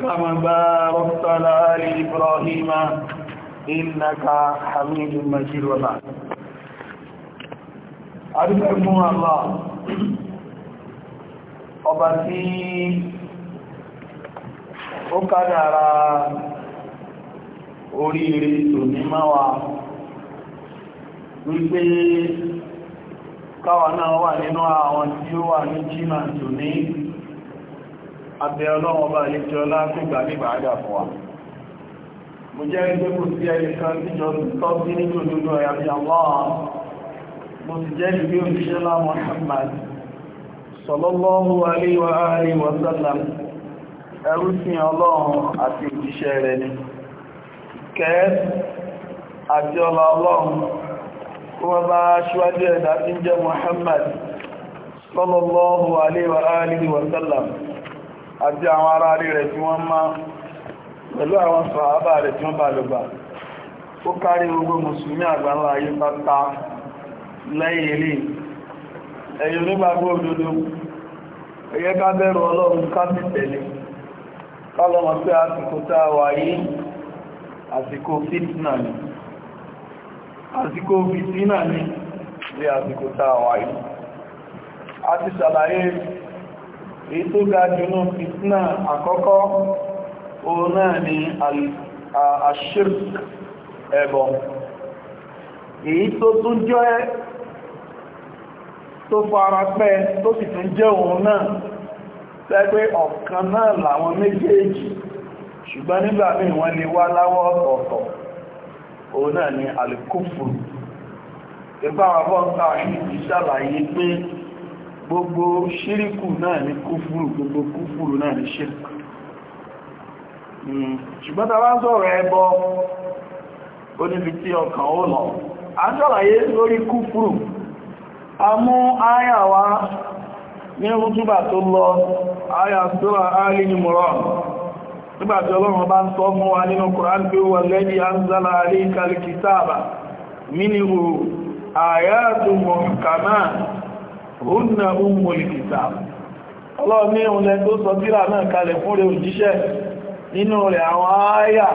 كما باركت على آل إبراهيم إنك حميد مجيد وبعد أرحمه الله ọba tí ó kádàrá oríire tòní máwàá wípé káwa náà wà nínú àwọn tí ó wà ní jíma tòní abẹ ọlọ́run ọba àlejò ọlá tó gbà ní ìbàdà fún wa mo jẹ́ ẹgbẹ́ kò sí ẹni kan tíjọ tọ́ sí ní òdodo ẹ̀yà bí àwọn mo sì jẹ́ ìgbé òṣìṣẹ́ lá Muhammad sallallahu alaihi wa alihi ẹrú sí ọlọ́run àti òṣìṣẹ́ rẹ̀ ni kẹ́ àti ọlá ọlọ́run kó wọ́n bá ṣíwájú ẹ̀dá tí ń jẹ́ Muhammad sallallahu alaihi wa alihi àti àwọn ará rí rẹ̀ tí wọ́n pẹ̀lú àwọn sàábà rẹ̀ tí wọ́n bá lọ́gbà ó kárí gbogbo mùsùlùmí àgbáńlá ayé pátá lẹ́yìn ilé ẹ̀yìn onígbàgbọ́ ẹ̀yẹ ọlọ́run èyí tó ga jùlọ fitna àkọ́kọ́ òun náà ni àṣírk ẹbọ èyí tó tún jẹ́ tó fara pẹ́ tó sì tún jẹ́ òun náà pẹ́pẹ́ ọ̀kan náà làwọn méjèèjì ṣùgbọ́n nígbà míì wọ́n lè wá láwọ́ ọ̀tọ̀ọ̀tọ̀ òun náà ni àlùkùfù ìpáwàbọ̀ ń ta àṣírí ṣàlàyé pé gbogbo ṣíríkù náà ní kúfúrù gbogbo kúfúrù náà ní ṣíríkù hmm, ṣùgbọ́n ta ń ẹbọ ó tí ọkàn ó lọ a ń lórí kúfúrù a mú áyà wá ní rútúbà tó lọ áyà sura nígbàtí ọlọ́run bá ń sọ mú wa nínú pé lẹ́dí anzala hunna ummul kitab ọlọ́run ní òun lẹ tó sọ tírà náà kalẹ̀ fún rẹ̀ òjíṣẹ́ nínú rẹ̀ àwọn ááyà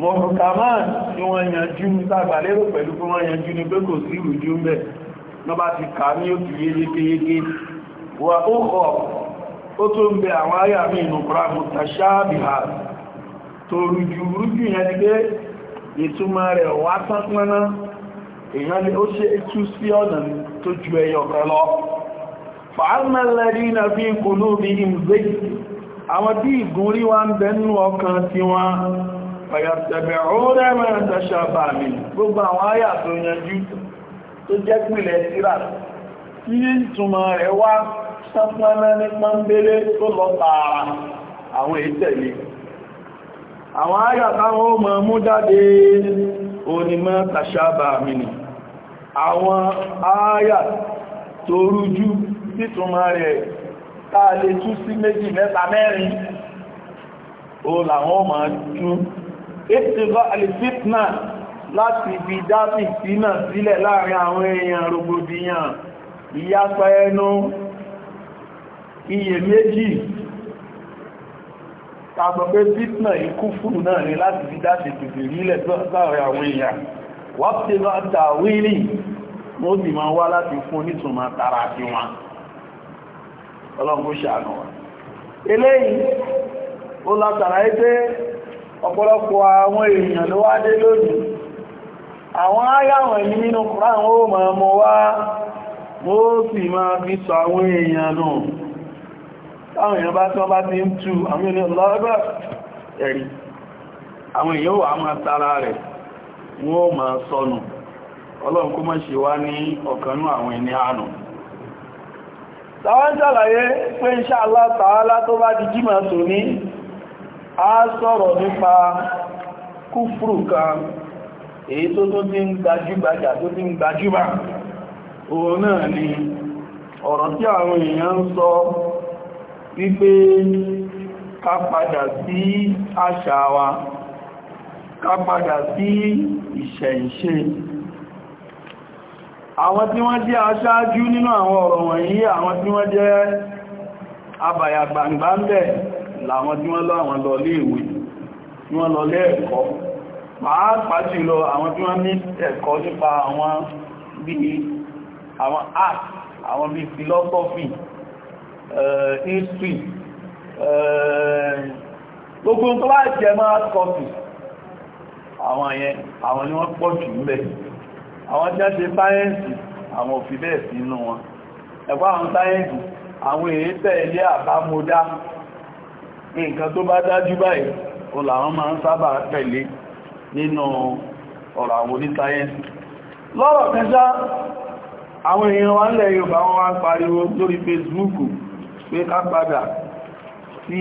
mọ̀rùkàmá tí wọ́n yanjú sàgbàlérò pẹ̀lú fún wọ́n yanjú ní pé kò sí ìrújú ń bẹ̀ lọ ti ní o yéyékéyéké mi mutashabiha ni èèyàn ni ó ṣe tú sí ọ̀nà tó ju ẹyọ kan lọ fàámẹ́lẹ́rí na fi kùnú bí i mzé àwọn tí ìgún rí wá ń bẹnú ọkàn tí wọ́n pẹ̀yàtẹ̀bẹ̀ oóre mẹ́rin tẹ́ṣà bà mí gbogbo àwọn àyà tó yanjú tó jẹ́ pìlẹ̀ síra ó mọ̀ mú jáde onímọ̀ tẹ́ṣà bà mí àwọn ààyà tó rújú títúnmà rẹ̀ táà lè tú sí méjì mẹ́ta mẹ́rin o làwọn ọmọ tú ètìgbà alìfitna láti fi dáfì sínà sílẹ̀ láàrin àwọn èèyàn rògbòdìyàn ìyápa ẹnu iyèméjì tàbí pé fitna ikú fún náà ni láti fi dáfì tìtì rílẹ̀ sọ́rọ̀ àwọn èèyàn wọ́pẹ̀ bá ta wílì wọ́n sì máa wá láti fún onítùmọ̀ tara sí wọn ọlọ́run kó ṣàánú wọn eléyìí ó látara ipé ọ̀pọ̀lọpọ̀ àwọn èèyàn ló wá dé lónìí àwọn ayáwọn ẹni nínú Kùránì ó máa mọ́ wá ó sì máa fi sọ àwọn èèyàn nù táwọn èèyàn bá tí wọ́n bá ti ń tú àwọn èèyàn lọ́gbà ẹ̀rí àwọn èèyàn wà máa tara rẹ̀ wọ́n ó máa sọnù ọlọ́run kó má ṣe wá ní ọ̀kanú àwọn ẹni àánú láwọn ṣàlàyé pé insha Allah ta'ala tó bá di jímọ̀ tó ní a sọ̀rọ̀ nípa kúfùrù kan èyí tó tó ti ń gbajúgbajà tó ti ń gbajúmọ̀ òun náà ni ọ̀rọ̀ tí àwọn èèyàn ń sọ wípé ká padà sí àṣà wa ká padà sí ìṣẹ̀ǹṣe àwọn tí wọ́n jẹ́ aṣáájú nínú àwọn ọ̀rọ̀ wọ̀nyí àwọn tí wọ́n jẹ́ abàyàgbàǹgbà ń bẹ̀ làwọn tí wọ́n lọ àwọn lọ lé ìwé tí wọ́n lọ lé ẹ̀kọ́ pàápàá jùlọ àwọn tí wọ́n ní ẹ̀kọ́ nípa àwọn bí àwọn art àwọn bí philosophy eh, eh, àwọn yẹn àwọn ni wọ́n pọ̀ jù ńbẹ̀ àwọn tí wọ́n ṣe sáyẹ́ǹsì àwọn òfin bẹ́ẹ̀ sí inú wọn ẹ̀kọ́ àwọn sáyẹ́ǹsì àwọn èyí tẹ̀lé àbámọ́dá nǹkan tó bá dájú báyìí o làwọn máa ń sábà tẹ̀lé nínú ọ̀rọ̀ àwọn onísáyẹ́ǹsì lọ́rọ̀ kẹsá àwọn èèyàn wa nílẹ̀ Yorùbá wọn wá ń pariwo Facebook pé ká padà sí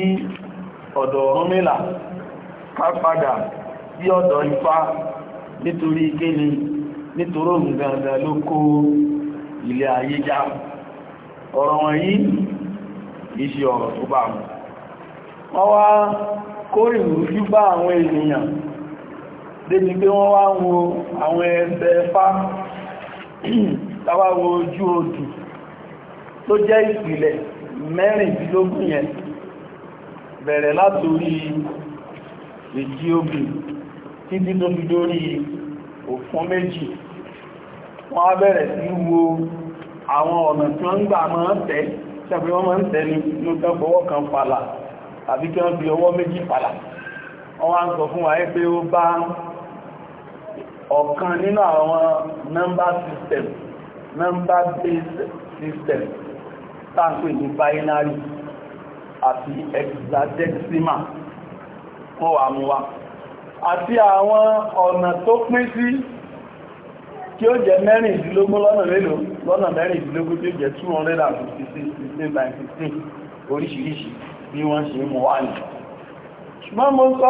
ọ̀dọ̀ ọ̀rún mìlà ká sí ọ̀dọ̀ ifá nítorí ni nítorí òun gangan ló kó ilé ayé já ọ̀rọ̀ wọ̀nyí kìí ṣe ọ̀rọ̀ tó bá mú wọ́n wá kórè rújú bá àwọn ènìyàn débi pé wọ́n wá wo àwọn ẹgbẹ́ fá tàwàwò ojú odù tó jẹ́ ìpìlẹ̀ mẹ́rìndínlógún yẹn bẹ̀rẹ̀ látorí èjì obìnrin títí tó fi dórí òfún méjì wọ́n á bẹ̀rẹ̀ sí wo àwọn ọ̀nà tí wọ́n ń gbà máa ń tẹ́ ṣẹ́fí wọ́n máa ń tẹ́ ní ló tán fọwọ́ kan fàlà tàbí kí wọ́n fi ọwọ́ méjì fàlà wọ́n wá ń sọ fún wa pé ó bá ọ̀kan nínú àwọn number system number based system táǹpé ní binary àti hexadecimal wọ́n àti àwọn ọ̀nà tó pín sí tí ó jẹ́ mẹ́rìndínlógún lọ́nà mélòó lọ́nà mẹ́rìndínlógún tí ó jẹ́ 256 oríṣiríṣi bí wọ́n ṣe mọ̀ wá ní ṣùgbọ́n mo sọ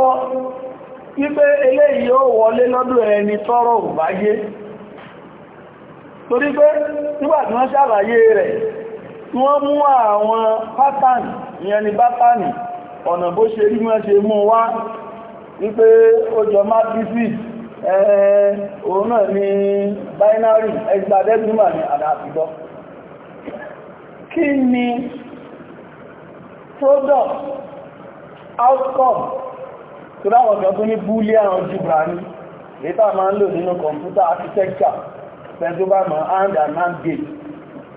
wípé eléyìí ó wọlé lọ́dọ̀ ẹni tọ́rọ òbáyé torí pé nígbàtí wọ́n ṣàlàyé rẹ̀ tí wọ́n mú àwọn pátánì ìyẹn ọ̀nà bó ṣe rí wọ́n ṣe mú wá wípé ó jọ matrices òun náà ni binary hexadecimal ni àdáàfidọ́ kí ni product outcome tó dáwọn kan tó ní boolean algebra ní létà máa ń lò nínú computer architecture pẹ̀lú bá mọ̀ and hand gate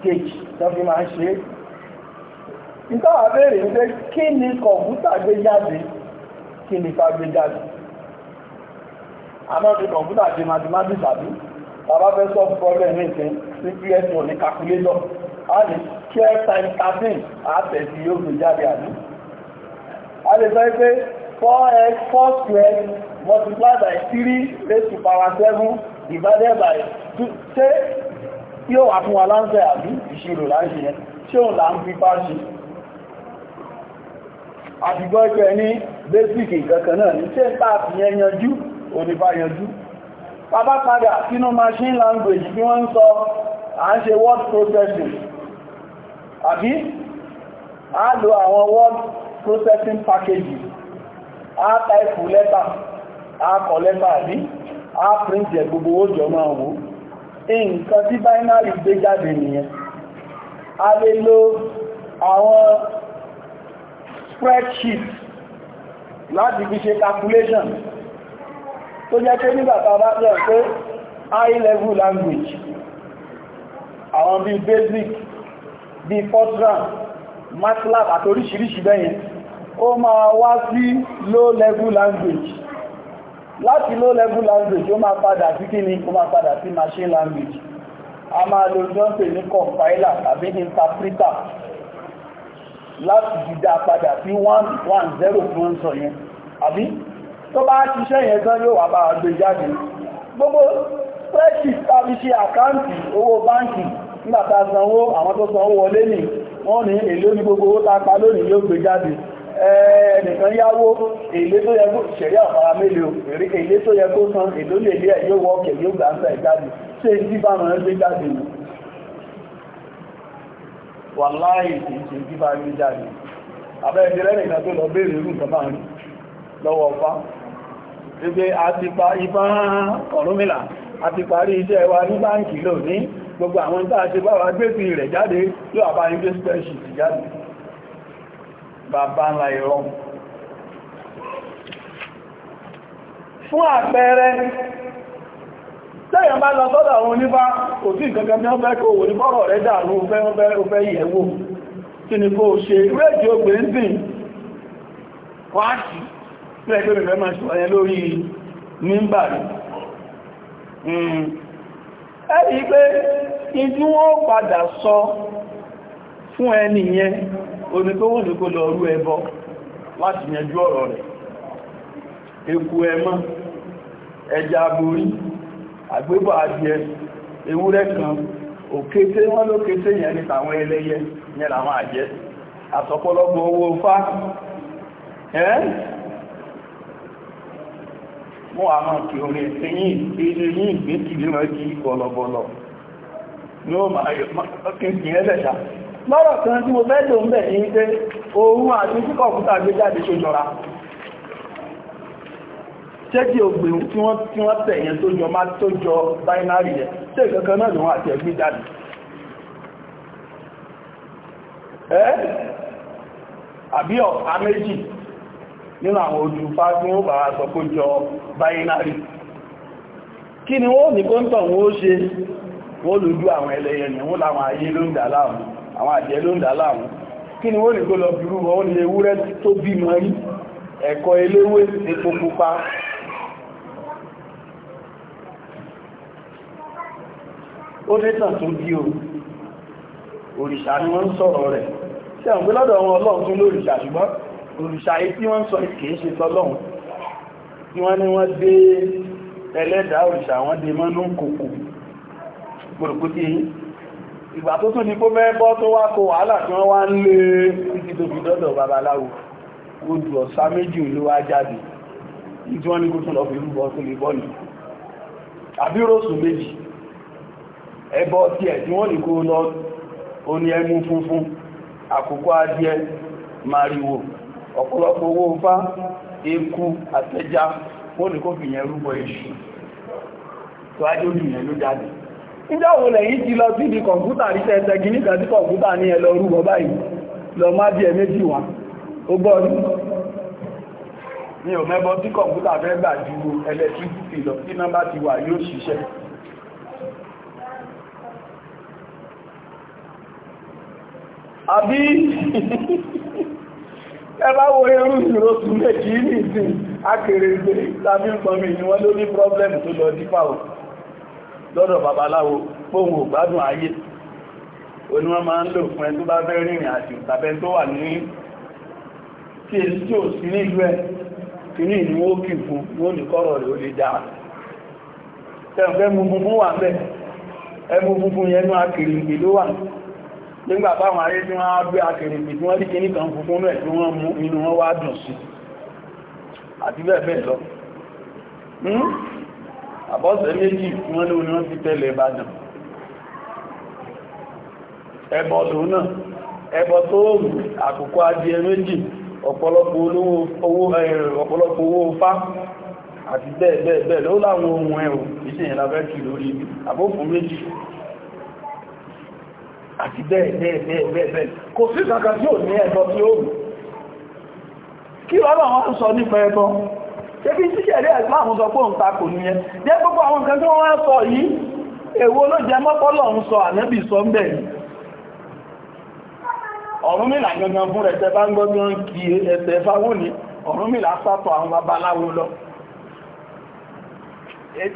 gate tó fi máa ń ṣe nítawà bèèrè ń pé kí ni computer gbé jáde kí ni ká gbé jáde àmọ́ ti kọ̀mpútà ti mathematics àbí bàbá fẹ́ sọ problem ní ìsìn sí ps ò ní calculator a lè care time thirteen àtẹ̀sí yóò gbé jáde àbí a lè sọ pé four x four square multiplied by three raised to power seven divided by two ṣé yóò wà fún wa láǹṣẹ̀ àbí ìṣirò láǹṣẹ̀ yẹn ṣé òun là ń fi bá àdìgbọ́ ẹgbẹ́ ní basic ìkankan náà ní ṣe tààtì yẹn yanjú oníbá yanjú bàbá padà sínú machine language bí wọ́n ń sọ à ń ṣe word processing àbí a lo àwọn word processing packages a type lẹ́tà a kọ lẹ́tà àbí a print ẹ̀ gbogbo owó máa wò nǹkan tí binary gbé jáde nìyẹn a lè lo àwọn spreadsheet láti fi ṣe calculation tó jẹ́ pé nígbàtà bá jẹ́ pé high level language àwọn bí basic bí Fortran MATLAB àti oríṣiríṣi bẹ́yẹn ó máa wá sí low level language láti low level language ó máa padà sí kí ni ó máa padà sí machine language a máa lo jọ́ǹpẹ̀ ní compiler tàbí interpreter láti dìdá padà sí 110 tí wọ́n ń sọ yẹn àbí tó bá ṣiṣẹ́ yẹn tán yóò wà bá gbé jáde gbogbo spreadsheet tàbí ṣe àkáǹtì owó báǹkì nígbàtà sanwó àwọn tó sanwó wọlé ní wọ́n ní èlé ní gbogbo owó tápa lónìí yóò gbé jáde ẹnìkan yáwó èlé tó yẹ kó ṣẹ̀rí àfara mélòó èlé tó yẹ kó san èlò lè lé ẹ̀ yóò wọ́ọ̀kẹ̀ yóò gbà ń sẹ̀ jáde ṣe ìdíbàmọ̀ ẹ̀ gbé jáde nù wà láì ìṣe fífà ní jáde àbẹ́ ìdílẹ́ nìkan tó lọ máa ń lọ́wọ́ ọ̀fá gbogbo àtìpa àti parí iṣẹ́ wa ní báǹkì ní gbogbo àwọn ìta báwa rẹ̀ jáde yóò tẹ́yàn bá lọ sọ́dọ̀ àwọn onífá kò sí ìkankan wọ́n fẹ́ wò ní bọ́rọ̀ rẹ̀ dànù fẹ́ yẹ̀wò tí ni kó ṣe rédíò ògbè ń láti yẹjú ọ̀rọ̀ rẹ̀ eku ẹmọ́ àgbébọ̀ adìẹ ewúrẹ́ kan òkété wọ́n ló kété yẹn ní tàwọn ẹlẹ́yẹ yẹn làwọn àjẹ́ àsọpọ̀lọpọ̀ owó fá mọ́ àwọn kí orí ẹ̀sẹ̀ ilé yìí gbé lè rán bọ̀lọ̀bọ̀lọ̀ ní ó máa yọ kí ẹlẹ́ṣà lọ́rọ̀ kan tí mo fẹ́ lò mbe bẹ̀ ní pé oòrùn àti tí kọ̀ọ̀kútà gbé jáde jẹ́jì ògbìn tí wọ́n tí wọ́n tẹ̀ yẹn tó jọ máa tó jọ binary yẹn tí ìkankan náà lòun àti ẹgbẹ́ jáde ẹ́ àbí ọ̀pá méjì nínú àwọn ojú fásún ó bàá sọ kó jọ binary kí ni wọ́n ní kóńtọ̀ wọ́n ó ṣe wọ́n lójú àwọn ẹlẹ́yẹ ni wọ́n láwọn ayé ló ń dà láàmú àwọn àjẹ́ ló ń dà láàmú kí ni wọ́n ní kó lọ bí rú wọn ó ní ewúrẹ́ tó bímọ rí ẹ̀kọ́ eléwé epo pupa ó nítàn tó bí o òrìṣà ni wọ́n ń sọ̀rọ̀ rẹ̀ tí àwọn gbélọ́dọ̀ wọn ọlọ́run tún lóríṣà ṣùgbọ́n òrìṣà yìí tí wọ́n ń sọ kìí ṣe tọ́lọ́run tí wọ́n ní wọ́n dé ẹlẹ́dàá òrìṣà wọ́n dé mọ́nú kòkò pòròkó tí yìí ìgbà tó tún ní kó mẹ́ bọ́ tó wá kó ẹbọ tí ẹ̀ tí wọ́n lè kó lọ oní ẹmú funfun àkùkọ adìẹ mariwo ọ̀pọ̀lọpọ̀ owó fá eku àtẹjá wọ́n lè kó fi yẹn rúbọ èṣù tó ajé ojú yẹn ló jáde nígbà lẹ́yìn ti lọ sí ibi kọ̀ǹpútà rí tẹ́ẹ̀tẹ́ gíní kan tí ẹ báyìí lọ má bí ẹ ní ò tí fẹ́ gbà ju lọ àbí ẹbá wo irú ìró súnlẹ̀ kì í ní ìsìn akèrègbè tàbí ìpọnmi ni wọ́n ló ní pọ́blẹ́mù tó lọ dípà ò lọ́dọ̀ babaláwo pòhùn ògbádùn ayé oní wọ́n máa ń lò fún ẹ tó bá fẹ́ rìnrìn àjò tàbẹ́ tó wà ní tí èsì tí ò sí ní ìlú ẹ kì ní ìníwó kì fún wọ́n ní kọ́rọ̀ rẹ̀ ó lè dáa tẹ́ǹfẹ́ funfun wà bẹ́ẹ̀ ẹmú funfun yẹn ní akèrègbè ló wà nígbà báwọn aré tí wọ́n á gbé akẹrẹ pé tí wọ́n rí kíní kan funfun náà tí wọ́n mú inú wọn wá dùn sí àti bẹ́ẹ̀ bẹ́ẹ̀ lọ hmm? àbọ́sẹ̀ méjì wọ́n ló ní wọ́n ti tẹ́lẹ̀ ìbàdàn ẹbọ lòun náà ẹbọ tó òòrùn àkùkọ adìẹ méjì ọ̀pọ̀lọpọ̀ owó fá àti bẹ́ẹ̀ bẹ́ẹ̀ bẹ́ẹ̀ ló láwọn ohun ẹ̀rùn ìṣẹ̀yìn lábẹ́ kì lórí àbókùn méjì àti bẹ́ẹ̀ bẹ́ẹ̀ bẹ́ẹ̀ bẹ́ẹ̀ bẹ́ẹ̀ kò sí kankan tí ò ní ẹbọ tí ó rù kí lọ́nà wọn sọ nípa ẹbọ ṣebí tí wọ́n sọ sọ ànẹ́bì sọ ń bẹ̀ Ọ̀rúnmìlà gangan fún rẹ̀ lọ Hey,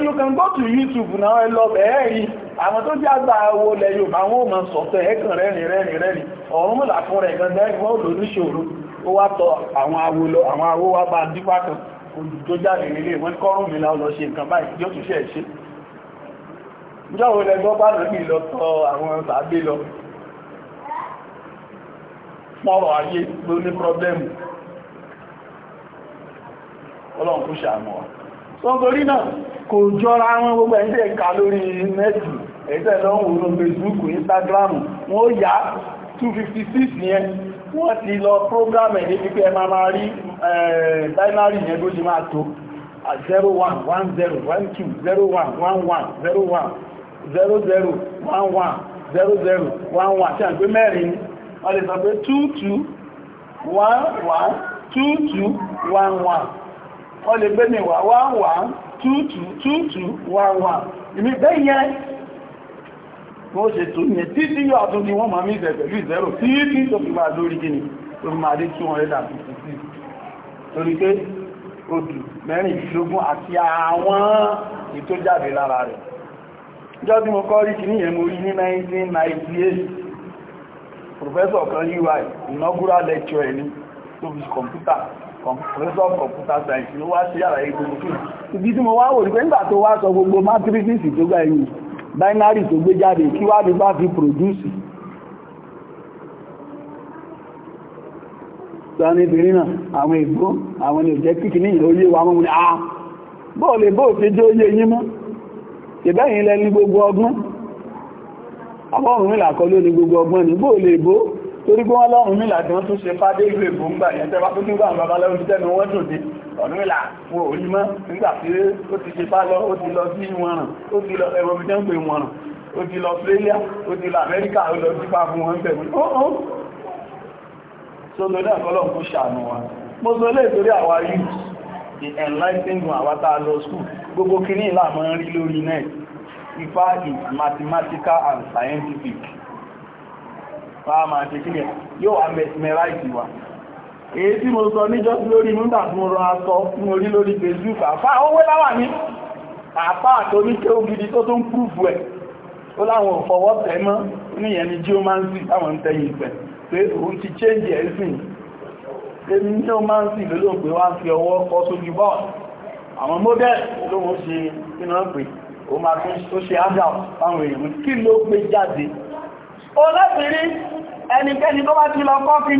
you can go to YouTube now, I love it àwọn tó jágbà owó lẹ Yorùbá wọn ò mọ sọ̀tọ̀ ẹ̀kàn rẹ́rìn rẹ́rìn rẹ́rìn ọ̀run mọ̀lá fún rẹ̀ gan dẹ́rìn wọn ò lò níṣòro ó wá tọ àwọn awo lọ àwọn awo wá bá dípá kan olùtó jáde nílé wọn kọ́rùn mi láwọn lọ ṣe nǹkan báyìí yóò tún ṣe ẹ̀ ṣe ìjọ́wò lẹ́gbọ́ bá nàbí lọ tọ àwọn sàábé lọ mọ́rọ̀ ayé ló ní pọ́blẹ́mù ọlọ́run kú ṣàmọ́ wa. sọ́gbọ́rí náà kò jọra wọn gbogbo ẹ̀ńdẹ̀ ká lórí nẹ́ẹ̀tì ẹ̀ẹ́sẹ̀ lọ ń wòrán Facebook Instagram wọ́n yá 256 yẹn wọ́n ti lọ program ẹ̀ débi pé ẹ máa máa rí eh, binary yẹn bó ṣe máa tó 01 10 12 01 11 01 00 11 00 11 tí a ń pè mẹ́rin wọ́n lè sọ pé 22 11 22 11 wọ́n lè gbé mi wá 11 22 22 11 ìmí bẹ́yẹn bó ṣe tó ní títí yóò tún ní wọ́n máa mí ìfẹ̀ pẹ̀lú ìzẹ́rò títí tó fi máa lórí gíní tó fi máa dé 256 torí pé odù mẹ́rìndínlógún àti àwọn ètò jáde lára rẹ̀ jọ́ tí mo kọ́ rí kìíní yẹn mo rí ní 1998 professor kan ui inaugural lecture ẹni tó fi kọ̀mpútà professor computer science ló wá sí àlàyé gbogbo ibi tí mo wá wò rí pé nígbà tó wá sọ gbogbo matrices tó gbà binary tó gbé jáde kí wá ní bá fi produce láàrin ìbìnrin náà àwọn ìgbó àwọn ni òjẹ́ kíkì ní ìròyé wa mọ́ ní àá bóò lè bóò fi jẹ́ oyé yí mọ́ ìbẹ́yìn ilẹ̀ ní gbogbo ọgbọ́n Ọlọ́run kọ́ ló ní gbogbo ọgbọ́n ní bóò lè bó torí pé wọ́n lọ́run mílà tí wọ́n tún ṣe fádé ìlú èbó ń gbà yẹn tẹ́bá tó tún gbà àwọn babaláwo tẹ́nu wọ́n tòde ọ̀nà ìlà wọn ò rí mọ́ nígbà tí ó ti ṣe bá lọ ó ti lọ sí ìwọ̀n ó ti lọ ẹ̀rọ mi jẹ́ ń ó ti lọ Australia ó ti lọ Amẹ́ríkà ó lọ sípa fún wọn bẹ̀rù óó sọ́dọ̀ enlightening àwa tá a school gbogbo kìíní ìlà mọ́ ń rí lórí net Ifá is mathematical and scientific. Fáàmà ṣe kí ni yóò amẹ́sìmẹ́ráìtì wa èyí tí mo sọ níjọ́ lórí nígbà tí mo rọ aṣọ fún orí lórí facebook àfá owó láwà ní àfá àtòrí tí ó gidi tó tó ń púrùfù ẹ̀ ó láwọn ò fọwọ́ tẹ̀ mọ́ níyẹn ni geomancy táwọn ń tẹ̀yìn ìpẹ̀ pé òun ti change ẹ̀sìn èmi geomancy lóòrùn pé wá fi ọwọ́ kọ́ sójú bọ́ọ̀lù àwọn model ló wọ́n ṣe iná pè ó máa tún ó ṣe adult fáwọn èèyàn kí ló gbé jáde ó láti rí ti lọ kọ́ fi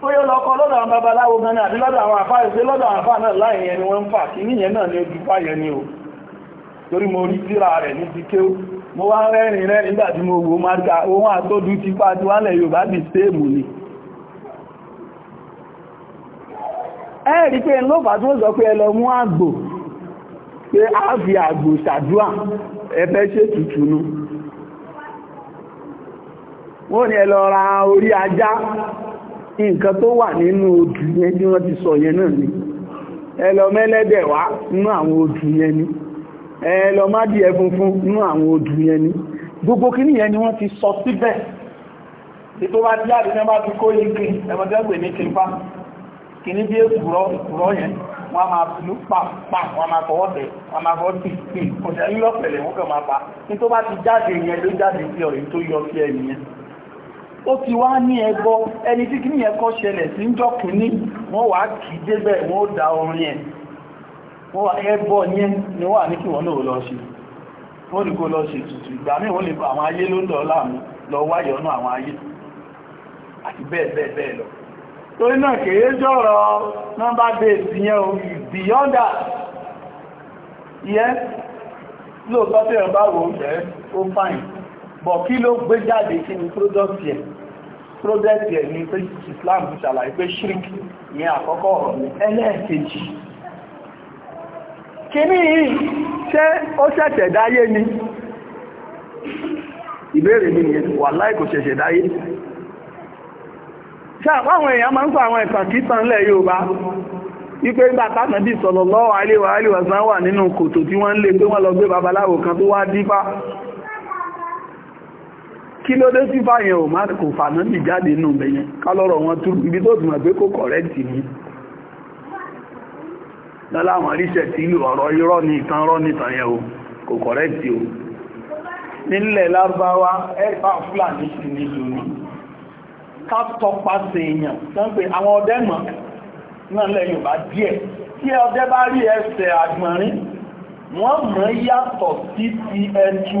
bóyá lọ́kọ́ lọ́dọ̀ àwọn babaláwo gan náà àbí lọ́dọ̀ àwọn àfáà ìṣe lọ́dọ̀ àwọn àfáà náà láì ni wọ́n ń fà kí níyẹn náà ni ojú fáyẹ ni o torí mo rí síra rẹ̀ ní ti kéw mo wá rẹ́ mo máa ga ohun àtọ́dú wọ́n Yorùbá bí nǹkan tó wà nínú odù yẹn tí wọ́n ti sọ yẹn náà ni ẹlọmẹ́lẹ́dẹ̀ wá nínú àwọn odù yẹn ni ẹlọmádìẹ funfun nínú àwọn odù yẹn ni gbogbo kíní yẹn ni wọ́n ti sọ síbẹ̀ ètò bá tí àdínà bá fi kó yìí ẹmọdẹ́gbẹ̀ ní kìípa kì ní bí èkùrọ́ ìkùrọ́ yẹn wọ́n máa lú pàpà wọ́n máa kọwọ́ tẹ̀ wọ́n máa kọ́ bá ti jáde yẹn ló jáde sí ọ̀rẹ́ tó yọ sí ẹ̀yìn yẹn ó ti wá ní ẹgbọ́ ẹni tí kí ní ẹkọ́ ṣẹlẹ̀ sí ń jọ́kùn ní wọ́n wà kì débẹ̀ wọ́n dá orin ẹ̀ wọ́n wà ẹgbọ́ yẹn ni wà ní kí wọ́n náà lọ ṣe wọ́n ní ìgbà wọ́n lè àwọn ayé ló lọ wáyọ̀ ọ̀nà àwọn ayé progress yẹn ni pé Islam ti ṣàlàyé pé shirk ni àkọ́kọ́ ọ̀rọ̀ ní ẹlẹ́ẹ̀kejì kìíní yìí ṣé ó ni ìbéèrè mi nìyẹn wà láì kò ṣẹ̀ṣẹ̀ dáyé ṣàpá àwọn èèyàn máa ń àwọn ìtàn kìtàn lẹ̀ Yorùbá wípé ń bá tánàbí sáwà nínú kòtò tí wọ́n pé wọ́n lọ gbé babaláwo kan tó wá kí ló dé sí fàyẹ̀ ò má kò fàná bì jáde nù bẹ̀yẹn kálọ́rọ̀ wọn tún ibi tó tùmọ̀ pé kò kọ̀rẹ́tì ní láláwọn ríṣẹ̀ tí ìlú ọ̀rọ̀ irọ́ ní ìtàn rọ́ nìtàn yẹn o kò kọ̀rẹ́tì o nílẹ̀ lárúbáwá ẹ̀fà fúlàní sì ní lónìí ká tọpasẹ̀ èèyàn tán pé àwọn ọdẹ mọ̀ náà lẹ́yìn bá díẹ̀ tí ọdẹ bá rí ẹsẹ̀ àgbọ̀nrín wọ́n mọ̀ yàtọ̀ sí ti ẹtu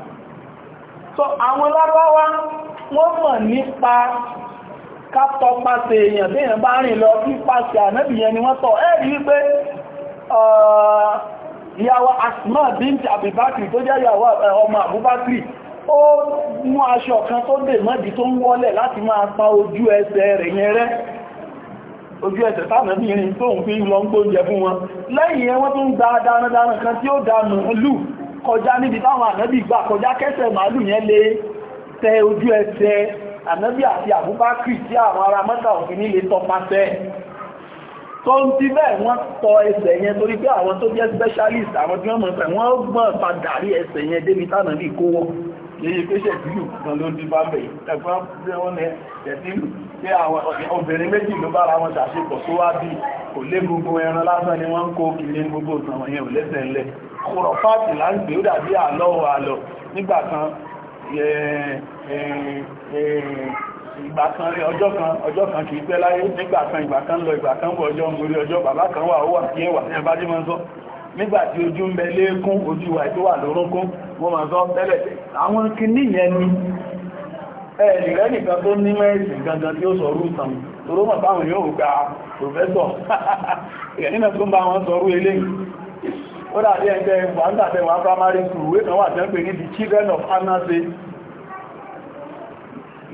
sọ àwọn lárọ́wá wọ́n mọ̀ nípa kátọ́ pàṣẹ èèyàn bí èèyàn bá rìn lọ sí pàṣẹ ànábì yẹn ni wọ́n tọ̀ ẹ́ rí pé uh, ìyàwó Asma bint Abubakar tó jẹ́ ìyàwó uh, ọmọ Abubakar ó mú aṣọ kan tó dè mọ́dí tó ń wọ́lẹ̀ láti máa pa ojú ẹsẹ̀ rẹ̀ yẹn rẹ́ ojú ẹsẹ̀ táàmì ìrìn tó ń fi lọ ń gbóúnjẹ fún wọn lẹ́yìn ẹ wọ́n tó ń gba dáradára kan tí ó dánù lù kọjá níbi táwọn ànábì gbà kọjá kẹsẹ̀ màálù yẹn lè tẹ ojú ẹsẹ̀ ànábì àti àbúbákì tí àwọn ará mọ́ta òfin ní lè tọpasẹ̀ tó ń ti bẹ́ẹ̀ wọ́n tọ ẹsẹ̀ yẹn torí pé àwọn tó jẹ́ specialist àwọn tí wọ́n mọ̀ pẹ̀ wọ́n gbọ́n padà rí ẹsẹ̀ yẹn débi tánà bí kó wọ́n yẹyẹ pé ṣẹ̀dílù kan ló ti bá bẹ̀ ẹ̀gbọ́n tí wọ́n ní ṣẹ̀dílù pé àwọn obìnrin méjì ló bára wọn ṣàṣepọ̀ tó wá bí kò lé gbogbo ẹran lásán ni wọ́n ń kó kiri gbogbo ìtàn yẹn ò lẹ́sẹ̀ ńlẹ̀ kùrọ̀fáàtì là ń gbé ó dàbí àlọ́ àlọ́ nígbà kan ìgbà kan ọjọ́ kan ọjọ́ kan kìí pẹ́ láyé nígbà kan ìgbà kan lọ ìgbà kan bọ̀ ọjọ́ orí ọjọ́ bàbá kan wà ó wà kí ẹwà ní ẹbá dímọ̀ sọ nígbàtí ojú ń bẹ léékún ojú wà tó wà lórúnkún wọ́n ma sọ tẹ́lẹ̀ àwọn kìíní yẹn ni ẹ̀ẹ̀lẹ̀ nìkan tó ní mẹ́rìsì gangan tí ó sọ rú ìtàn toró mọ̀ báwọn yóò gba pòfẹ́sọ̀ ẹ̀yìn náà tó ń bá wọn sọ rú eléyìí ó dàbí ẹgbẹ́ ìgbàǹdàbẹ̀ wà primary school wé kan wà tẹ́ ń pè ní the children of anansi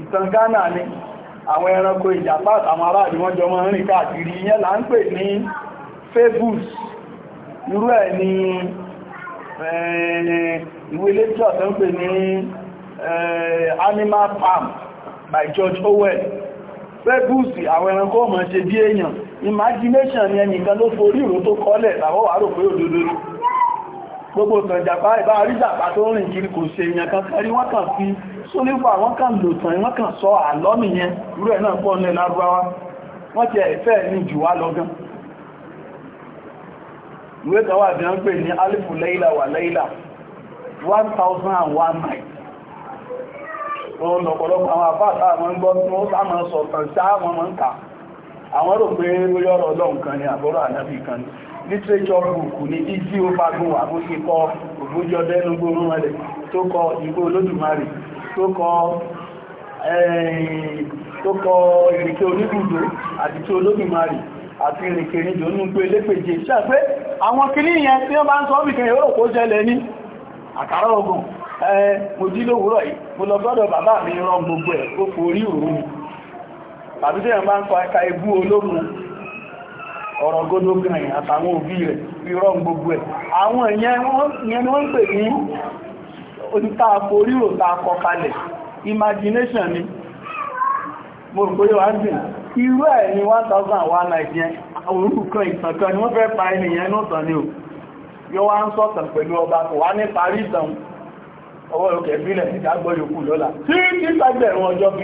ìtàn Ghana ni àwọn ẹranko ìjàpá àtàwọn aráàlú wọ́n jọ mọ́ rìn káàkiri ìyẹn là ń pè ní fables irú ẹ̀ ni eh, ìwé eh, animal farm by George fables àwọn ẹranko ọmọ ṣe bí imagination ni ẹnìkan ló forí ìró tó kọ́lẹ̀ làwọ́ wà rò pé òdodo gbogbo kan jàpá ìbá oríjàpá tó rìn kiri kò ṣe èèyàn kan kárí wọ́n kàn fi sólífà wọ́n kàn lòtàn wọ́n kàn sọ àlọ́ wọ́n lọ̀pọ̀lọpọ̀ àwọn àbáta àwọn sọ̀tàn àwọn rò pé lọ́rọ̀ ọlọ́run kan ni àbúrò ànábì kan literature book ní ìjí ó fagun àbúṣe kọ ògbójọ dẹnu gbóró rẹ̀ tó kọ ìgbó olódùmarè tó kọ eh, tó kọ àti tí olódùmarè àti ìrìnkè níjò ní pé ogun eh, mo lọ gbọ́dọ̀ bàbá mi gbogbo ẹ̀ forí tàbí tí ẹ̀mbá ń kọ ẹka ibú ológun ọ̀rọ̀ gódógìnrin àtàwọn òbí rẹ̀ irọ́ gbogbo ẹ̀ àwọn ìyẹn ni wọ́n ń pè ní onítàkò ríro tàkọ kalẹ̀ imagination ni mo rò pé wọ́n dìn irú ẹ̀ ni 1001 yẹn orúkọ ìtànkan ni wọ́n fẹ́ pa ènìyàn ní ọ̀tàn ni ò yóò wá ń sọ̀tàn pẹ̀lú ọba kò wá ní parí ìtàn ọwọ́ ìrọ̀kẹ̀ ìbílẹ̀ ìdágbọ́ yòókù lọ́la tí títàgbẹ̀rún ọjọ́ fi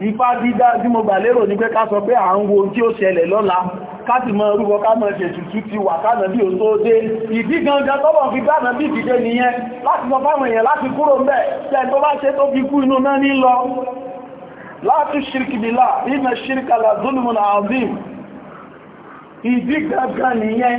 ipá dídá tí mo gbà lérò ní pé ká sọ pé à ń wo tí ó ṣẹlẹ̀ lọ́la káti mọ orúkọ kámọ̀ ṣètùtù ti wà kánà bí o tó dé ìdí gangan tọ́bọ̀ fi dáná bí ìdíje nìyẹn láti sọ fáwọn èèyàn láti kúrò ń bẹ̀ tẹ́ tó bá ṣe tó fi kú inú náà ní lọ láti ṣirkìbìlá ìmẹ̀ ṣirkàlà zulmun azim ìdí gangan nìyẹn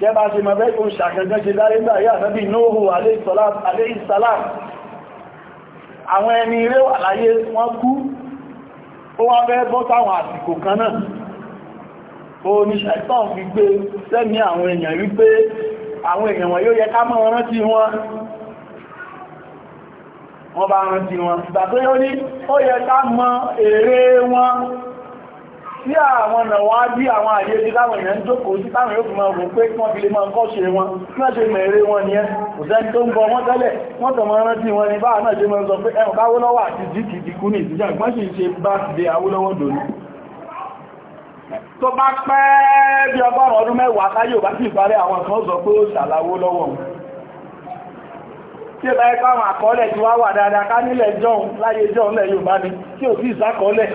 jẹba ṣe mọ̀ bẹ́ẹ̀ kò ṣàkẹ́gẹ́ ṣe dárí gbà yà nẹ́bí nóhù aléìsàlám àwọn ẹni eré wà láyé wọ́n kú ó wá fẹ́ bọ́ sáwọn àsìkò kan náà ó ní ṣàìtàn fi gbé sẹ́mi àwọn èèyàn wípé àwọn èèyàn wọn yóò yẹ ká mọ́ rántí wọn wọ́n bá rántí wọn ìgbà tó yóò ní ó yẹ ká mọ èrè wọn sí àwọn ọ̀nà wá bí àwọn àyè tí láwọn èèyàn ń jókòó sí táwọn yóò fi máa rò pé wọ́n fi lè máa kọ́ ṣe wọn náà ṣe mẹ̀rẹ̀ wọn ni ẹ́ kò sẹ́ni tó ń bọ wọ́n tẹ́lẹ̀ wọ́n tọ̀mọ̀ rántí wọn ni báà náà ṣe máa sọ pé ẹ̀rùn káwọ́lọ́wọ́ àti jíkì dìkú ní ìsìjà ìgbọ́n sì ṣe bá dé tí ó láyé káwọn àkọọ́lẹ̀ tí wá wà dáadáa ká nílẹ̀ jọun láyé jọun lẹ̀ Yorùbá ni tí ò sí ìsákọọ́lẹ̀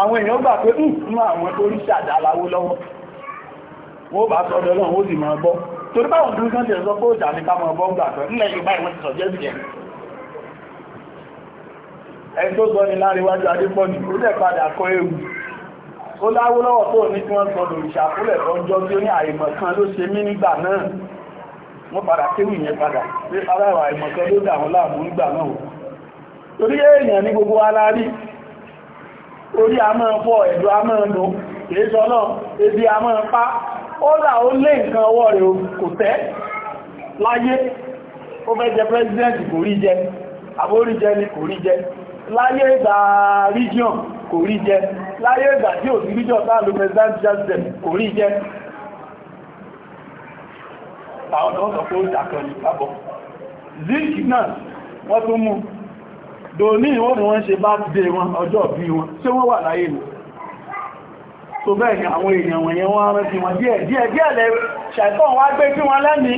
àwọn èèyàn gbà pé ń hmm, fún àwọn tó rí ṣàdá láwó lọ́wọ́ wọ́n bá sọ ọdọ lọ́wọ́ ó sì máa bọ́ torí báwọn tó kán tẹ̀ sọ pé òjà ní ní wọ́n padà kéwì yẹn padà pé aláwà ìmọ̀kan ló dà wọn láàmú nígbà náà torí èèyàn ní gbogbo alárí orí a máa fọ́ ẹ̀dọ̀ a máa nù èéṣọ́ náà ebi a máa pa ó là ó lé nǹkan ọwọ́ rẹ̀ kò tẹ́ láyé ó fẹ́ jẹ pẹ́sidẹ́ntì kò rí jẹ àbórí jẹ ni kò rí jẹ láyé ìgbà region kò rí jẹ láyé ìgbà tí ò sí region sáà ló pẹ́sidẹ́ntì kò rí jẹ ta ọ̀nà ọ̀sọ̀ pé ó jàkọ̀ ní ìpapọ̀ zinc náà wọ́n tún mú dòní wọ́n ni wọ́n ṣe bá dé wọn ọjọ́ bí wọn tí wọ́n wà láyé ni tó bẹ́ẹ̀ ni àwọn èèyàn wọ̀nyẹn wọ́n rántí wọn díẹ̀ díẹ̀ díẹ̀ lẹ ṣàìtàn wá gbé kí wọ́n lẹ́ni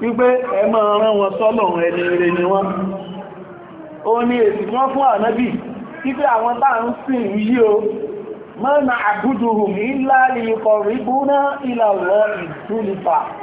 wípé ẹ máa rán wọn sọ́lọ̀ ẹni rere ni wọ́n ó ní èsì tí wọ́n fún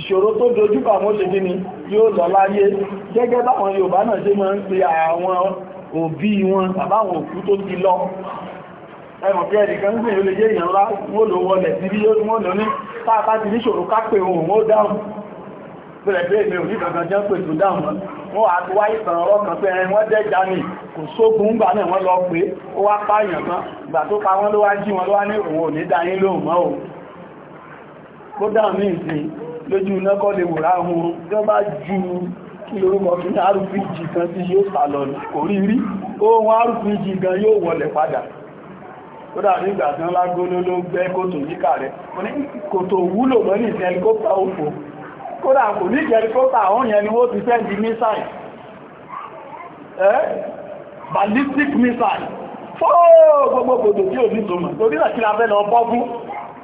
ìṣòro tó dojúkọ àwọn òṣèké ni yóò lọ láyé gẹ́gẹ́ báwọn Yorùbá náà ṣe máa ń pe àwọn òbí wọn àbáwọn òkú tó ti lọ ẹmọ̀ bí ẹ̀rì kan gbìyànjú lè jẹ́ èèyàn ńlá wọ́n ló wọlé sí bí yóò mọ́ lóní táàbá ti níṣòro kápẹ̀ ohun ó dáhùn bẹ̀rẹ̀ pé èmi ò ní kankan jẹ́ pé tó dáhùn wọ́n á ti wá ìtàn ọ̀rọ̀ kan pé ẹni wọ́n dẹ́jà ní kò sógun ń gbà náà wọ́n lọ pé ó wá pààyàn kan ìgbà tó pa wọ́n ló wá jí wọn ló wá ní òun ò ní dá yín lóhùn mọ́ ò kó dáhùn ní ìsìn lójú nákọ́ lè wòrá hun tí ó bá ju kí lórúkọ kí ní rpg kan tí yóò sàlọ kò rí rí ohun rpg gan yóò wọlẹ̀ padà ó dà ní ìgbà tán lágóló ló gbẹ́ kòtò yíkà rẹ̀ kòtò wúlò mọ́ ní ìsẹ́ ẹlikópà òfò kódà kò ní ìjẹ́ ẹlikópà àwọn yẹn ni wọ́n ti sẹ́ndì mísáì ballistic missile fóò gbogbo kòtò tí ò ní tòmọ̀ torí náà kí la fẹ́ lọ bọ́ fún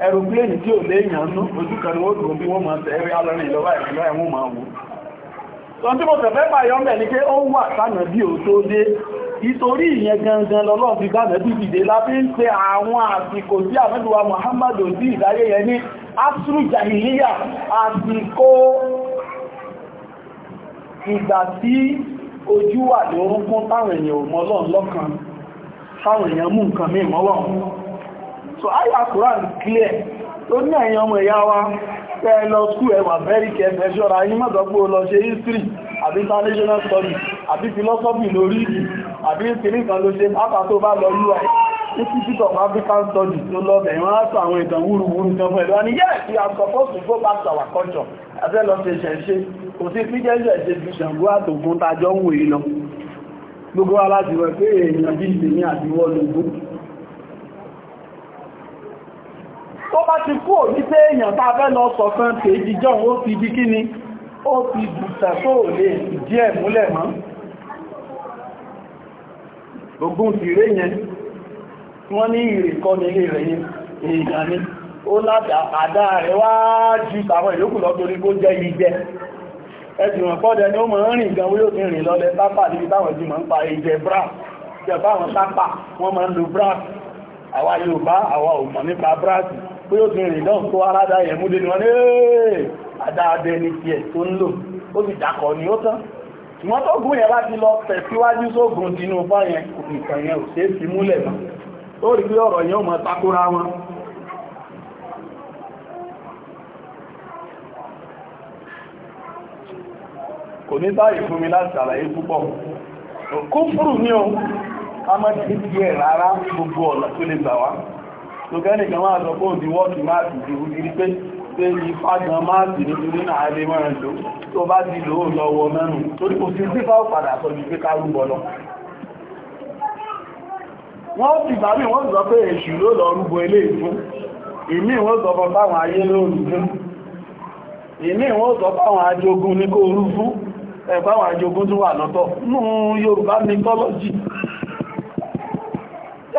ẹ̀rùpléènì tí o léèyàn nú ojú kan ó dùn bí wọ́n máa tẹ̀ẹ́rẹ́ alọ́rin ìlọ́wà ìlú ẹ̀wọ̀n máa wò tọ́n mo tẹ̀fẹ́ ní pé ó wà sánà bí ò tó dé ìtorí ìyẹn gangan lọ́lọ́ fi gbánà bí ń pe àwọn àsìkò sí àmẹ́lúwà Muhammadu ìdáyé yẹn ní àsìkò ìgbà tí ojú wà lórúnkún táwọn èèyàn ò mọ́lọ́ so àyà Quran clear tó ní ẹ̀yin ọmọ ìyá wa tẹ́ lọ skú ẹwà very careful ṣọ́ra yín má dọ́gbó lọ ṣe history àbí international studies àbí philosophy lórí ìdí àbí kìnnìkan ló ṣe pápá tó bá lọ lúwà Institute of African Studies ló lọ bẹ̀ wọ́n á sọ àwọn ìtàn wúruwúru kan fún ẹ̀lú wa ni yes we are supposed to go back to our culture abẹ́ lọ ṣe ṣẹ̀ṣe kò sí sí jẹ́jẹ́ ṣe ju ṣàngó àtògùn tajọ́ ń wèé lọ gbogbo wa láti rẹ̀ pé èèyàn bí ìsinmi àti wọ́n tó bá ti kú òní pé èèyàn tá fẹ́ lọ sọ kan tèéjì john ó fi di kíni ó fi dùtà tó lè ìdí ẹ̀ múlẹ̀ mọ́ ogun ti ré yẹn wọ́n ní ìrìnkọ́ nílé rẹ̀ yẹn èèyàn ni ó láti àdá rẹ̀ wá ju tàwọn ìlókù lọ torí kó jẹ́ ìjẹ́ ẹjùmọ̀ pọ́dẹ ni ó mọ̀ ń rìn gan wí ó ti rìn lọlẹ̀ tápà níbi táwọn ìjùmọ̀ ń pa ìjẹ bra jẹ báwọn tápà wọ́n mọ̀ ń lo bra àwa Yorùbá àwa ò mọ̀ nípa brasi pé ó ti rìn lọ́n tó aráda ni wọ́n ní àdáadé ní tó ń lò ó sì dákọ̀ ni ó tán ṣùgbọ́n tó gún láti lọ tẹ̀ sógun dínú fá yẹn yẹn ò fi múlẹ̀ mọ́ ó rí pé ọ̀rọ̀ yẹn ò o a di ẹ̀ rárá gbogbo ọ̀nà tó gbà lókẹ́lì kan máa sọ pé òdí wọ́ọ̀kì máàkì ti hù gírí pé pé ní fágan máàkì nítorí náà alé mọ́rin tó tó bá ti lò ó lọ́wọ́ mẹ́rin torí kò sí sí fáwọ́ padà sọ pé kárú bọ́ wọ́n ti bá wọ́n sọ pé èṣù ló lọ rúgbọ ilé ìfún ìmí wọ́n sọ fọ́ fáwọn ayé lóòrùn fún ìmí wọ́n sọ fáwọn ajogun ní kó rú fún ẹ̀fáwọn ajogun tún wà lọ́tọ̀ nú Yorùbá mythology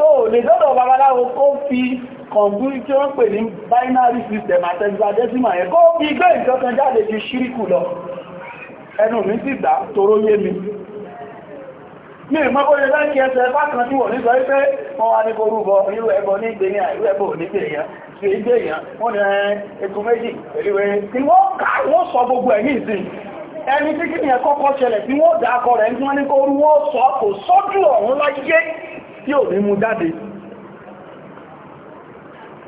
tó lè dọ́dọ̀ babaláwo kó fi kọ̀ǹgúrí tí system àtẹ́gbà kó fi gbé ìjọkan jáde ju ṣíríkù lọ ẹnu mi sì dá toró yé mi ní ìmọ́kóyẹ láti ẹsẹ̀ bákan tí wọ́n ní wípé wọ́n wá ní korúbọ irú ẹbọ ní ìgbé ní àìrú ẹbọ ní ìgbé èèyàn tí ó gbé èèyàn wọ́n ẹkùn méjì pẹ̀lúwẹ́ tí wọ́n wọ́n sọ ni ẹ̀kọ́kọ́ ṣẹlẹ̀ tí wọ́n rẹ̀ wọ́n ní korú tí ò ní mú jáde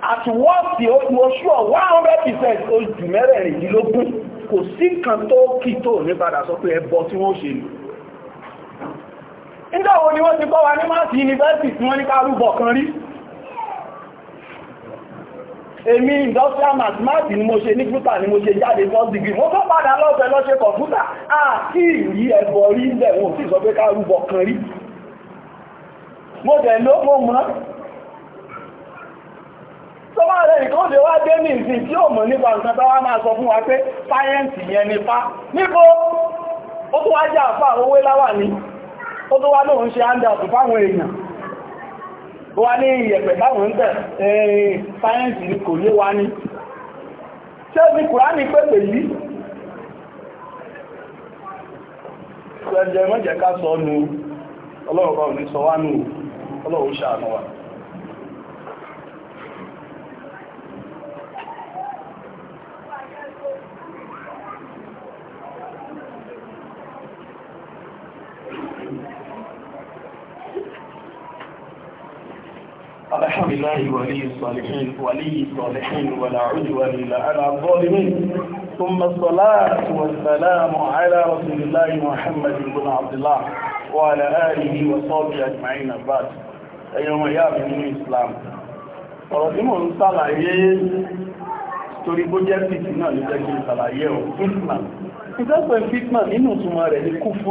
at once ó ti oṣù ọ̀ 100% oṣù mẹ́rẹ̀ẹ̀rìndínlógún kò sí kan tó kì tó ní padà sọ pé ẹbọ tí wọ́n ṣe lù nígbà wo ni wọ́n ti kọ́ wa ní máàtì yunifásitì tí wọ́n ní kárúbọ̀ kan rí èmi industrial mathematics ni mo ṣe ní kúta ni mo ṣe jáde first degree mo tó padà lọ́fẹ́ lọ́ṣẹ́ kọ̀ǹpútà àti ìrí ẹbọ rí ń bẹ̀ wọn ò sì sọ pé kárúbọ̀ kan rí mo jẹ ló mo mọ́ sọ́wọ́ rẹ̀ nìkan lè wá dé ní ìsìn tí ó mọ̀ nípa nǹkan tó wá máa sọ fún wa pé yẹn nípa ó tó wá jẹ́ owó láwà ní ó tó wá ṣe fáwọn èèyàn wá ní ìyẹ̀pẹ̀ ń tẹ̀ ni kò lé wá ní ní yìí mọ́jẹ̀ ká sọ ọlọ́run ṣàánú wa الحمد لله ولي الصالحين ولي الصالحين ولا عدوان إلا على الظالمين ثم الصلاة والسلام على رسول الله محمد بن عبد الله وعلى آله وصحبه أجمعين بعد ẹ̀yọ ọmọ ìyá mi nínú Islam ọ̀rọ̀ tí mò ń sàlàyé torí bó jẹ́ fìtì náà ló jẹ́ kí n sàlàyé ọ̀ fitna ìfẹ́sọ̀ fitna nínú ìtumọ̀ rẹ̀ ní kúfù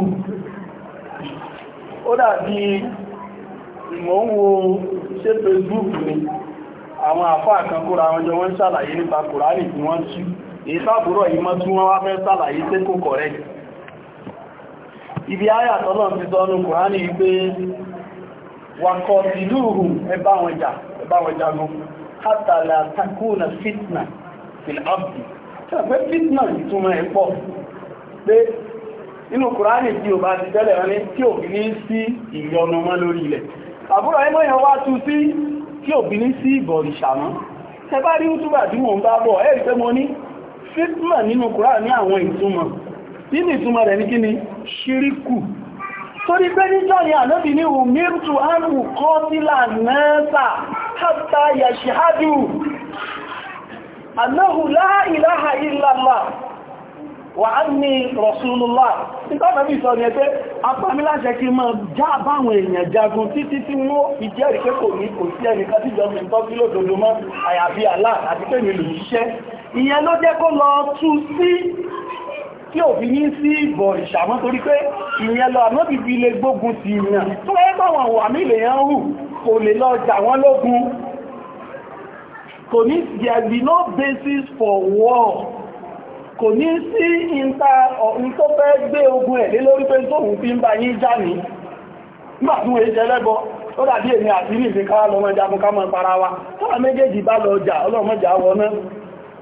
ó dàbí ìmọ̀ ń wo ṣé Facebook ni àwọn àfáà kan kóra wọn jọ wọ́n sàlàyé nípa Kùránì tí wọ́n tú èyí sábúrọ̀ yìí mọ́ tí wọ́n wá fẹ́ sàlàyé tí kọ̀rẹ́ ibi ayàtọ́lọ̀ ti sọ́nù Kùránì pé wàkọ̀ ìlú hù ẹbá wọn jà ẹbá wọn jagun takúnà fitna filabdi tí fitna ìtumọ̀ ẹ̀ pọ̀ pé inú kùránì tí ò bá ti tẹ́lẹ̀ rẹ̀ tí ò bí ní sí ìyọnu mọ́ lórí ilẹ̀ àbúrò ẹmọ́ èèyàn wá tú sí tí ò bí ní sí ìbọ̀rìṣà mọ́ bá rí útúbà tí mò ń bá bọ̀ ẹ̀rí pé mo ní fitna nínú kùránì àwọn ìtumọ̀ nínú ìtumọ̀ rẹ̀ ní kíni ṣíríkù torí pé níjọ́ ni ànábì ní umirtu an uqatila nasa hatta yashhadu annahu la ilaha illallah wà á ní rọ̀súnlọ́lá ìtàbí sọ ní ẹgbẹ́ apámiláṣẹ́ kí mọ́ já báwọn èèyàn jagun títí tí mú ìjẹ́rì pé kò ní kò sí ẹnìkan tí jọ mìí tọ́sí lòdòdó mọ́ àyàbí àlá àti pé mi lòṣìṣẹ́ ìyẹn ló jẹ́ tí ò fi ní sí ìbọ̀ ìṣàmọ́ torí pé ìyẹn lọ àmọ́bí fi lè gbógun ti ìyàn tó wáyé báwọn àwọn àmì ilẹ̀ yẹn hù kò lè lọ jà wọ́n lógun kò ní there be no basis for war kò ní sí ìta ọ̀hún tó fẹ́ gbé ogun ẹ̀ lé lórí pé tóhun fi ń bá yín já ní nígbà fún èjẹ lẹ́gbọ́ ó dàbí èmi àti ní ìfẹ́ lọ́mọ ìjagun ká mọ́ para wa tó àmẹ́jẹ́jì bá lọ jà ọlọ́mọjà wọná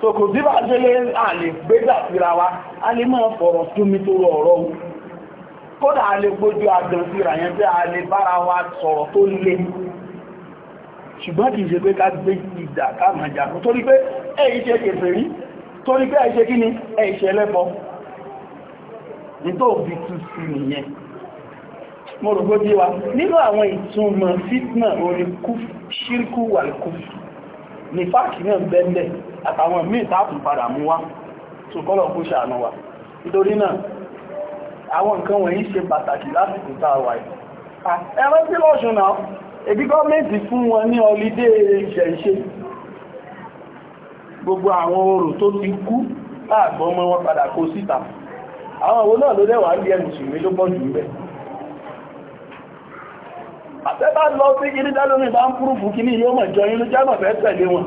so kò sí bá délé à gbégbà síra wa a lè máa fọ̀rọ̀ túnmi tó rọ ọ̀rọ̀ ohun kódà a lè gbójú agbọn síra yẹn pé a lè bára wa sọ̀rọ̀ tó lé ṣùgbọ́n kìí ṣe pé ká gbé ìdà káàmàjà torí mo rògbó bí wa nínú àwọn ìtumọ̀ fitna orí ṣírkú wà kú ní fáàkì náà bẹ́ẹ̀ àtàwọn míì táàkùn padà mú wá tó kọ́lọ̀ kó ṣàánú wa nítorí náà àwọn nǹkan wọ̀nyí ṣe pàtàkì lásìkò tá a wà yìí ẹ̀rọ sí lọ́ṣùn náà èbí gọ́ọ̀mẹ́ntì fún wọn ní ọlídé ìṣẹ̀ṣe gbogbo àwọn orò tó ti kú láàgbọ́ mọ́ wọn padà kó síta àwọn òwò náà ló dẹ̀wà ń bí ẹnu sì mí ló pọ̀ jù mẹ́ àtẹ́bá lọ sí kí ní dálómi bá ń kúrùfù kí ní yóò mọ̀ jọyìn ló jámọ̀ fẹ́ tẹ̀lé wọn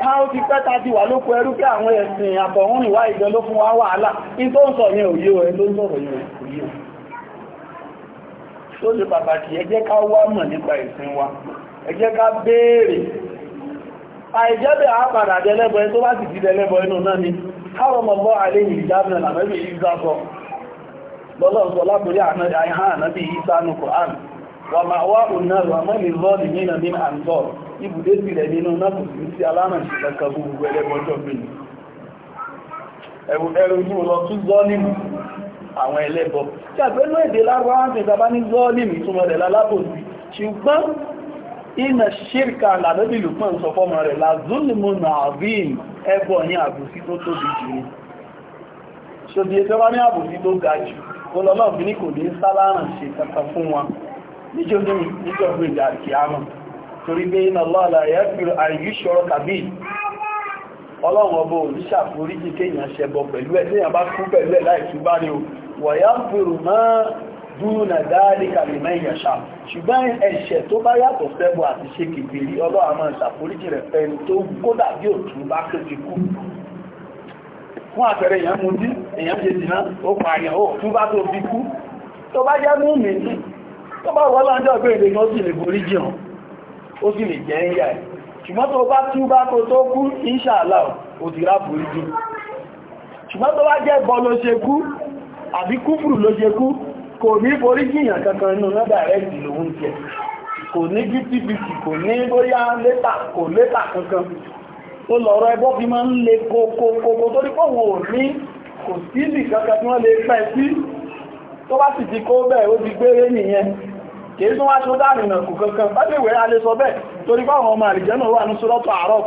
ha o ti pẹ́ta ti wà lókò ẹrú kí àwọn ẹ̀sìn àtọ̀húnrìnwá ìjọ ló fún wa wàhálà in tó ń sọ yẹn òye ẹ ló ń sọ̀rọ̀ yẹn òye o tó ṣe pàtàkì ẹ ká wá mọ̀ nípa ìsìn wa ẹ ká béèrè àìjẹ́bẹ̀ àpàdà dẹlẹ́bọ̀ tó bá wà máa wá ònà rẹ̀ àmọ́ lè lọ́ọ̀lì nínà ní àǹtọ́ ibùdé sí rẹ̀ nínú náà kò sí sí alárànṣẹ́ lẹ́kọ̀ọ́ gbogbo ẹlẹ́gbọ́jọ́ pé ẹ̀rù ẹ̀rù ní mo lọ tún zọ́ọ̀lìmù àwọn ẹlẹ́bọ tí àgbẹ́nú èdè lárúbáwá ń tẹ̀ta bá ní zọ́ọ̀lìmù túnmọ̀ rẹ̀ lálábòsí ṣùgbọ́n iná ṣírka làdọ́bí lùpọ̀n sọ fọ́mọ rẹ̀ làzúlùmù nàbíìn ẹbọ ní àbùsí tó kò ní sáláràn ṣe fún wọn níjọ́ níjọ́ gbèjà àti àmà torí pé iná lọ́la ẹ̀ẹ́fìrò àìyíṣọ́rọ̀ tàbí ọlọ́run ọbọ̀ òníṣà foríjì kéèyàn ṣẹbọ pẹ̀lú ẹ̀ téèyàn bá kú pẹ̀lú ẹ̀ láìsú bá ní o wọ̀yá fèrò máa dúnà dáálíkà lè mẹ́yàn ṣà ṣùgbọ́n ẹ̀ṣẹ̀ tó bá yàtọ̀ ṣẹbọ àti ṣe kìbìrì ọlọ́run máa ṣàforíjì rẹ̀ fẹ́ni tó kódà bí òtún bá tó ti kú fún àpẹẹrẹ èèyàn mú dí èèyàn ṣe dìná ó pààyàn ó tún bá tó fi kú tó bá jẹ́ mú mi tó bá wọ́n lájọ́ ìgbèrè ní ó sì lè borí jìn ó sì lè jẹ́ ìyà ẹ̀ ṣùgbọ́n tó bá tí ó bá kó tó kú ìṣàlá ò ti rá borí jìn ṣùgbọ́n tó bá jẹ́ bọ́ ló ṣe kú àbí kúfùrù ló ṣe kú kò ní borí jìyàn kankan inú lọ́dà rẹ̀ sì lòun jẹ kò ní gítíbìtì kò tó bá sì ti kó bẹ́ẹ̀ ó ti gbére nìyẹn kìí tún wá tí ó dámìnà kù kankan bá lè wẹ́ alẹ́ sọ bẹ́ẹ̀ torí bá àwọn ọmọ àlìjẹ́nà wà ní sọ́lọ́tọ̀ àárọ̀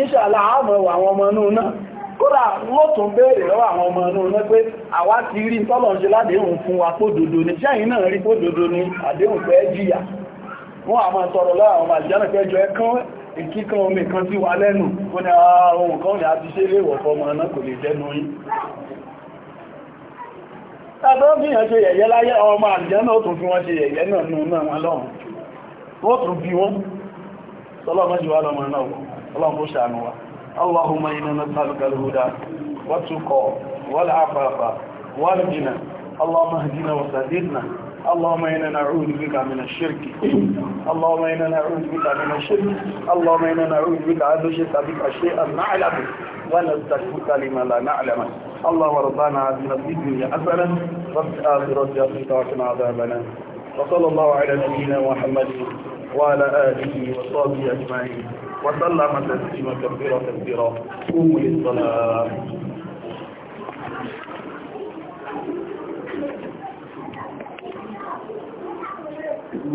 ìṣàlá àmọ̀ àwọn ọmọ inú náà kódà wọ́n tún béèrè lọ́wọ́ àwọn ọmọ inú náà pé àwa ti rí tọ́lọ̀ ṣe ládéhùn fún wa pódodo ní sẹ́yìn náà rí pódodo ní àdéhùn pé jìyà wọ́n àmọ́ ìkíkan omi kan sí wa lẹ́nu ó ní àwọn ah, ohun kan ní a ti ṣe léèwọ̀ fọmọ náà kò lè jẹ́nu yín tàbí ó fìyàn ṣe yẹ̀yẹ́ láyé ọmọ àjẹ́ náà tún fi wọ́n ṣe yẹ̀yẹ́ náà nù náà wọn lọ́wọ́ wọ́n tún bí wọ́n sọlọ́mọ́jú wà lọ́mọ náà ọlọ́run kó ṣàánú wa اللهم إنا نسألك الهدى والتقى والعفاف والغنى اللهم اهدنا وسددنا اللهم إنا نعوذ بك من الشرك اللهم إنا نعوذ بك من الشرك اللهم إنا نعوذ بك أن نشرك بك شيئا ما علمك ونستشفك لما لا نعلم الله ورضانا عزينا في الدنيا حسنا رب الآخرة يخيط وكما عذابنا وصلى الله على نبينا محمد وعلى آله وصحبه أجمعين وسلم تسليما كثيرا كثيرا قوموا للصلاة